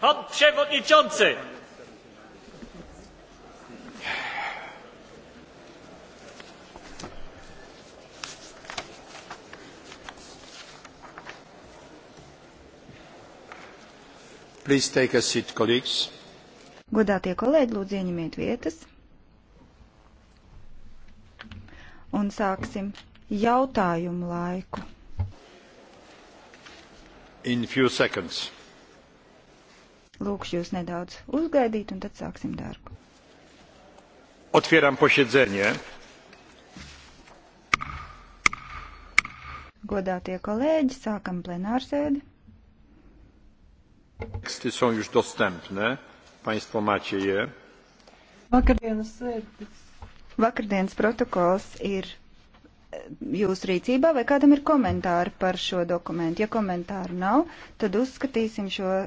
Pan przewodniczący! Please take a seat, colleagues. Godātie kolēģi, lūdzu ieņemiet vietas. Un sāksim jautājumu laiku. In few seconds. Lūkšu jūs nedaudz uzgaidīt, un tad sāksim darbu. Otvieram posiedzenie. Godātie kolēģi, sākam plenārsēdi. Teksty są już dostępne. Państwo macie je. Vakardienas sēdes. Vakardienas protokols ir e, jūsu rīcībā, vai kādam ir komentāri par šo dokumentu. Ja komentāru nav, tad uzskatīsim šo